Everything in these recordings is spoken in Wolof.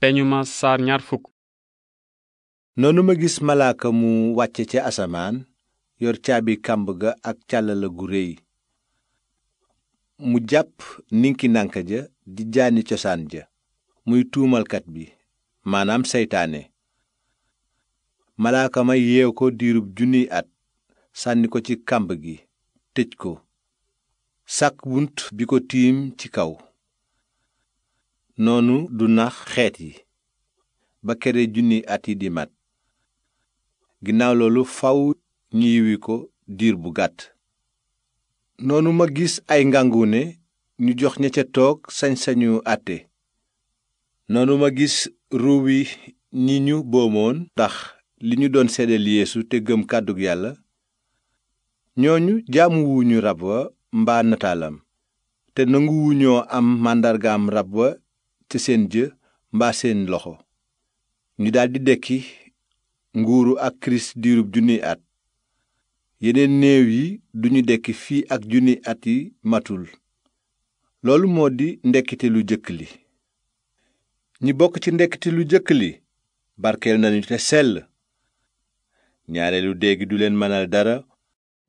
peñu ma saar noonu ma gis malaaka mu wàcce ca asamaan yor caabi kàmb ga ak càllala gu réy mu jàpp ninki nànka ja di jaani cosaan ja muy tuumalkat bi maanaam seytaane malaaka ma yeew ko diirub junniy at sànni ko ci kàmb gi tëj ko sàkk bunt bi ko tiim ci kaw noonu du nax xeet yi ba kere junni at yi di mat ginnaaw loolu faw ñu yiwi ko diir bu gàtt noonu ma gis ay ngàngune ñu jox ña ca toog sañ-sañu àtte noonu ma gis ruu wi ñi ñu boomoon ndax li ñu doon seddal yeesu te gëm kàddug yàlla ñooñu jaamu wuñu rab wa mbaa nataalam te nanguwuñoo am màndargaam rab wa te seen jë mbaa seen loxo ñu daldi dekki nguuru ak kirist diirub junniy at yeneen néew yi duñu dekki fii ak junni at yi matul loolu moo di ndekkite lu jëkk li ñi bokk ci ndekkite lu jëkk li barkeel nañu te sell ñaareelu dee du leen mënal dara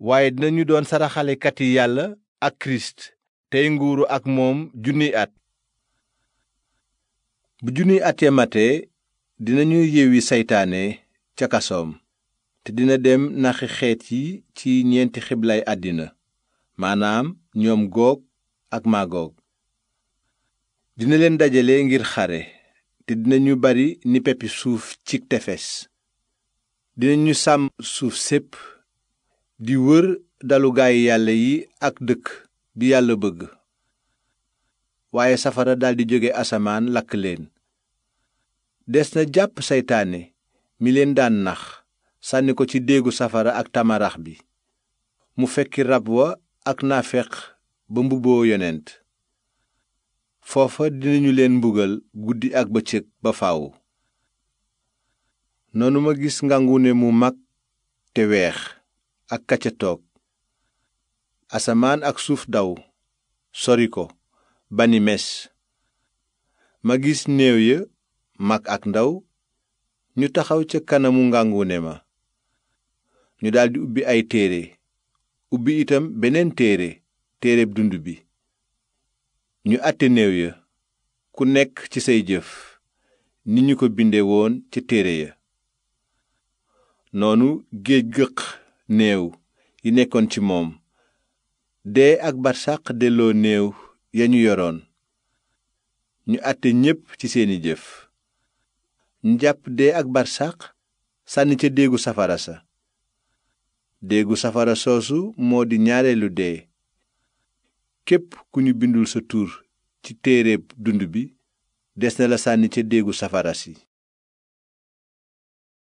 waaye dinañu doon saraxalekati yàlla ak kirist tey nguuru ak moom junniy at bu junniy at ya mate dinañu yewwi seytaane ca kasoom te dina dem naxi xeet yi ci ñeenti xiblay àddina maanaam ñoom goog ak magoog dina leen dajale ngir xare te dina ñu bari ni peppi suuf ci tefes dinañu sàmm suuf sépp di wër dalu gaay yàlla yi ak dëkk bi yàlla bëgg waaye safara daldi jóge asamaan lakk leen des na jàpp seytaane mi leen daan nax sànni ko ci déegu safara ak tamarax bi mu fekki rab wa ak naafeq ba mbubboo yonent foofa dinañu leen mbugal guddi ak ba bëccëg ba faw noonu ma gis ngàngune mu mag te weex ak kacca toog asamaan ak suuf daw sori ko banimes ma gis néew ya mag ak ndaw ñu taxaw ca kanamu ngàngune ma ñu daldi ubbi ay téere ubbi itam beneen téere téere dund bi ñu àtte néew ya ku nekk ci say jëf ni ñu ko binde woon ca téere ya noonu géej gëq néew yi nekkoon ci moom dee ak barsàq delloo néew ya ñu yoroon ñu àtte ñépp ci seeni jëf njàpp jàpp dee ak barsàq sànni ca déegu safara sa déegu safara soosu moo di ñaareelu dee képp ku ñu bindul sa tur ci téere dund bi des na la sànni ca déegu safara si